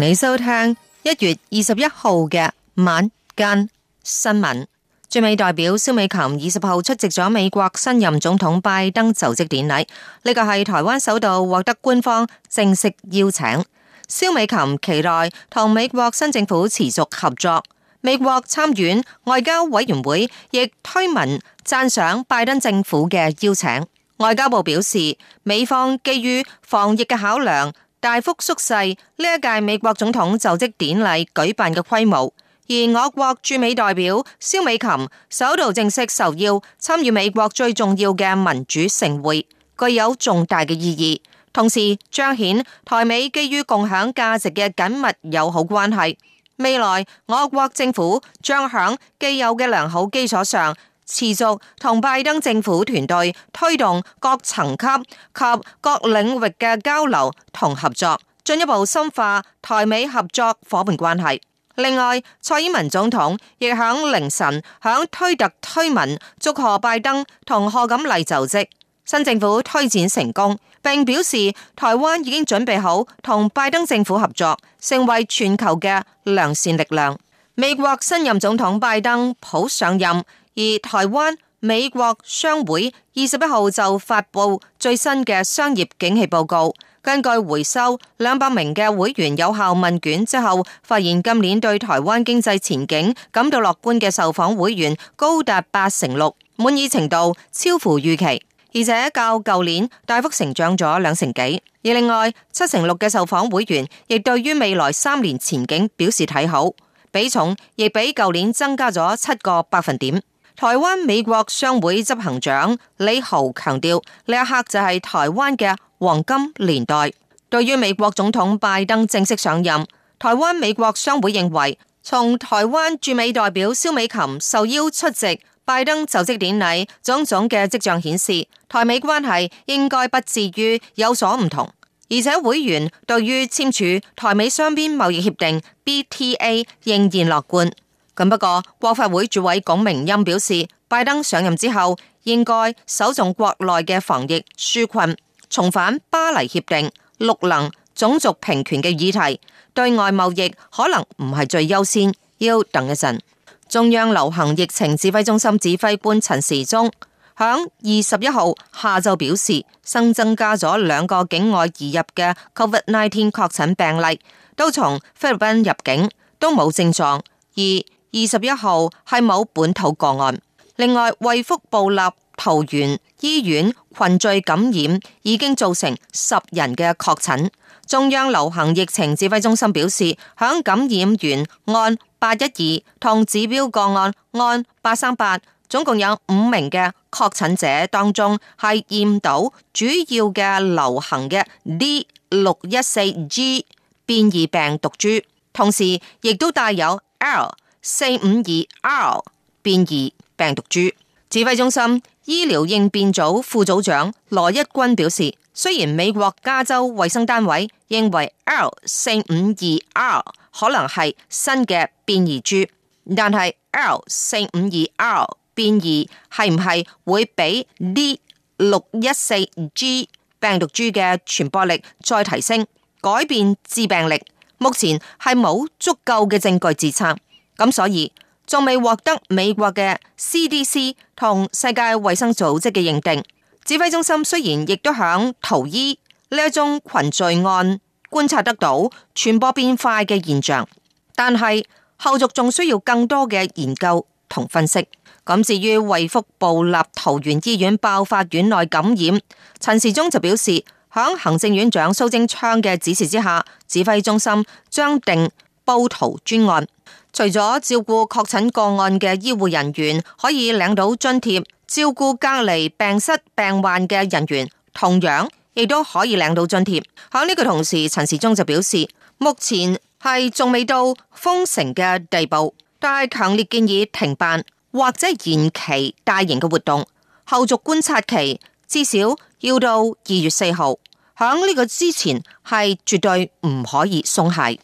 你收聽一月二十一號嘅晚間新聞，駐美代表蕭美琴二十號出席咗美國新任總統拜登就職典禮，呢個係台灣首度獲得官方正式邀請。蕭美琴期待同美國新政府持續合作。美國參院外交委員會亦推文讚賞拜登政府嘅邀請。外交部表示，美方基於防疫嘅考量，大幅縮細呢一屆美國總統就職典禮舉辦嘅規模，而我國駐美代表蕭美琴首度正式受邀參與美國最重要嘅民主盛會，具有重大嘅意義，同時彰顯台美基於共享價值嘅緊密友好關係。未來我國政府將響既有嘅良好基礎上。持續同拜登政府團隊推動各層級及各領域嘅交流同合作，進一步深化台美合作伙伴關係。另外，蔡英文總統亦響凌晨響推特推文祝賀拜登同賀錦麗就職，新政府推展成功，並表示台灣已經準備好同拜登政府合作，成為全球嘅良善力量。美國新任總統拜登甫上任。而台灣美國商會二十一號就發佈最新嘅商業景氣報告，根據回收兩百名嘅會員有效問卷之後，發現今年對台灣經濟前景感到樂觀嘅受訪會員高達八成六，滿意程度超乎預期，而且較舊年大幅成長咗兩成幾。而另外七成六嘅受訪會員亦對於未來三年前景表示睇好，比重亦比舊年增加咗七個百分點。台灣美國商會執行長李豪強調，呢一刻就係台灣嘅黃金年代。對於美國總統拜登正式上任，台灣美國商會認為，從台灣駐美代表蕭美琴受邀出席拜登就職典禮，種種嘅跡象顯示，台美關係應該不至於有所唔同。而且會員對於簽署台美雙邊貿易協定 BTA 仍然樂觀。咁不過，國發會主委龔明鑫表示，拜登上任之後應該首重國內嘅防疫紓困、重返巴黎協定、六能種族平權嘅議題，對外貿易可能唔係最優先，要等一陣。中央流行疫情指揮中心指揮官陳時中響二十一號下晝表示，新增加咗兩個境外移入嘅 COVID-19 確診病例，都從菲律賓入境，都冇症狀。二二十一號係冇本土個案，另外衛福部立桃園醫院群聚感染已經造成十人嘅確診。中央流行疫情指揮中心表示，響感染源案八一二同指標個案案八三八，總共有五名嘅確診者當中係驗到主要嘅流行嘅 D 六一四 G 變異病毒株，同時亦都帶有 L。四五二 r 變異病毒株，指揮中心醫療應變組副組長羅一鈞表示，雖然美國加州衛生單位認為 L 四五二 r 可能係新嘅變異株，但係 L 四五二 r 變異係唔係會比 D 六一四 G 病毒株嘅傳播力再提升、改變致病力，目前係冇足夠嘅證據支撐。咁所以仲未獲得美國嘅 CDC 同世界衛生組織嘅認定。指揮中心雖然亦都響桃醫呢一宗群聚案觀察得到傳播變快嘅現象，但係後續仲需要更多嘅研究同分析。咁至於衛福部立桃園醫院爆發院內感染，陳時中就表示響行政院長蘇貞昌嘅指示之下，指揮中心將定。部桃專案，除咗照顧確診個案嘅醫護人員可以領到津貼，照顧隔離病室病患嘅人員同樣亦都可以領到津貼。響呢個同時，陳時中就表示，目前係仲未到封城嘅地步，但係強烈建議停辦或者延期大型嘅活動。後續觀察期至少要到二月四號，響呢個之前係絕對唔可以鬆懈。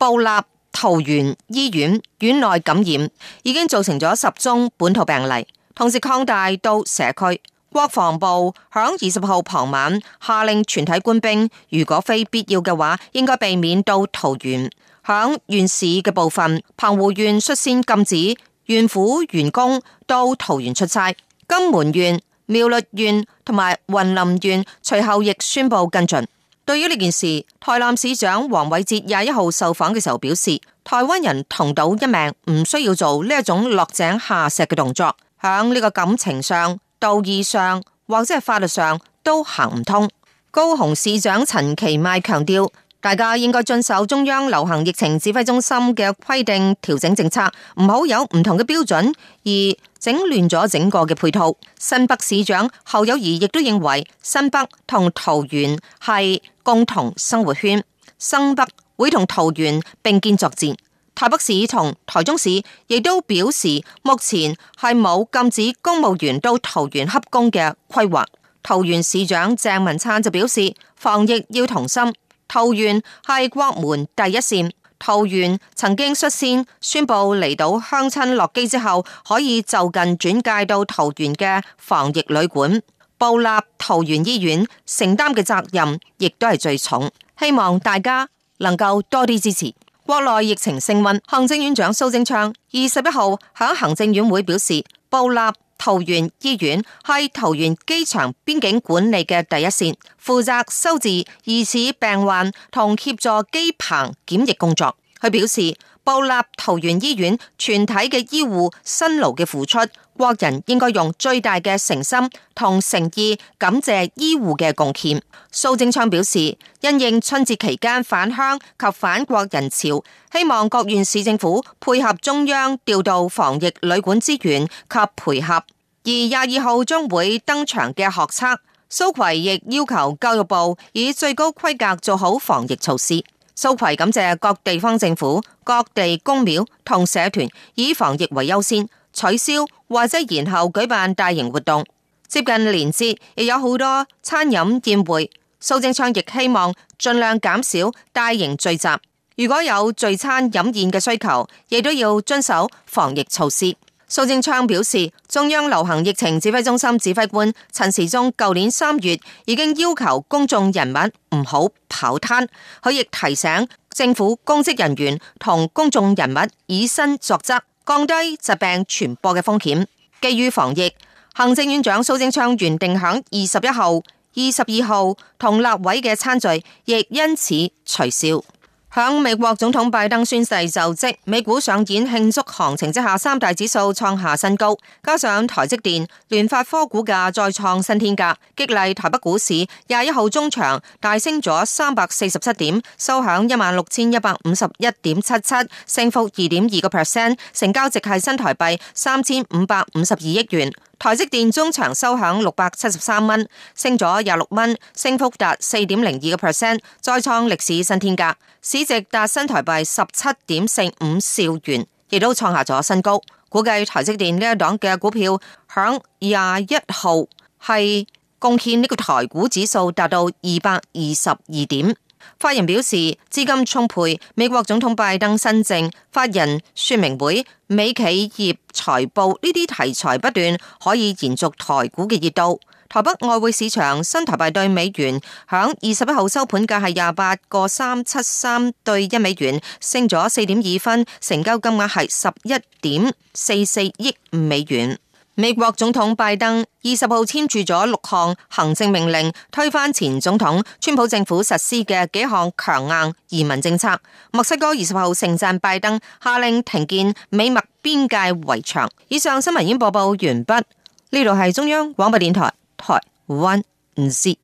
部立桃園醫院院內感染已經造成咗十宗本土病例，同時擴大到社區。國防部響二十號傍晚下令全體官兵，如果非必要嘅話，應該避免到桃園。響縣市嘅部分，澎湖縣率先禁止縣府員工到桃園出差，金門縣、苗栗縣同埋雲林縣隨後亦宣布跟進。對於呢件事，台南市長黃偉哲廿一號受訪嘅時候表示，台灣人同島一命，唔需要做呢一種落井下石嘅動作，響呢個感情上、道義上或者係法律上都行唔通。高雄市長陳其邁強調，大家應該遵守中央流行疫情指揮中心嘅規定，調整政策，唔好有唔同嘅標準而整亂咗整個嘅配套。新北市長侯友宜亦都認為，新北同桃園係共同生活圈，新北會同桃園並肩作戰。台北市同台中市亦都表示，目前係冇禁止公務員到桃園合工嘅規劃。桃園市長鄭文燦就表示，防疫要同心，桃園係國門第一線。桃園曾經率先宣布嚟到鄉親落機之後，可以就近轉介到桃園嘅防疫旅館。部立桃園醫院承擔嘅責任亦都係最重，希望大家能夠多啲支持。國內疫情升温，行政院長蘇貞昌二十一號響行政院會表示，部立桃園醫院係桃園機場邊境管理嘅第一線，負責收治疑似病患同協助機棚檢疫工作。佢表示，部立桃園醫院全體嘅醫護辛勞嘅付出。國人應該用最大嘅誠心同誠意感謝醫護嘅貢獻。蘇貞昌表示，因應春節期間返鄉及返國人潮，希望各縣市政府配合中央調度防疫旅館資源及配合。而廿二號將會登場嘅學測，蘇揆亦要求教育部以最高規格做好防疫措施。蘇揆感謝各地方政府、各地公廟同社團以防疫為優先。取消或者延後舉辦大型活動，接近年節亦有好多餐飲宴會。蘇貞昌亦希望盡量減少大型聚集，如果有聚餐飲宴嘅需求，亦都要遵守防疫措施。蘇貞昌表示，中央流行疫情指揮中心指揮官陳時中舊年三月已經要求公眾人物唔好跑攤，佢亦提醒政府公職人員同公眾人物以身作則。降低疾病傳播嘅風險，基於防疫，行政院長蘇貞昌原定響二十一號、二十二號同立委嘅餐聚亦因此取消。響美國總統拜登宣誓就職，美股上演慶祝行情之下，三大指數創下新高。加上台積電、聯發科股價再創新天價，激勵台北股市廿一號中場大升咗三百四十七點，收響一萬六千一百五十一點七七，升幅二點二個 percent，成交值係新台幣三千五百五十二億元。台積電中場收響六百七十三蚊，升咗廿六蚊，升幅達四點零二個 percent，再創歷史新天價，市值達新台幣十七點四五兆元，亦都創下咗新高。估計台積電呢一檔嘅股票響廿一號係貢獻呢個台股指數達到二百二十二點。法人表示，資金充沛，美國總統拜登新政、法人說明會、美企業財報呢啲題材不斷，可以延續台股嘅熱度。台北外匯市場新台幣兌美元，響二十一號收盤價係廿八個三七三兌一美元，升咗四點二分，成交金額係十一點四四億美元。美國總統拜登二十號簽署咗六項行政命令，推翻前總統川普政府實施嘅幾項強硬移民政策。墨西哥二十號盛讚拜登下令停建美墨邊界圍牆。以上新聞已播報完畢。呢度係中央廣播電台，台灣之音。Z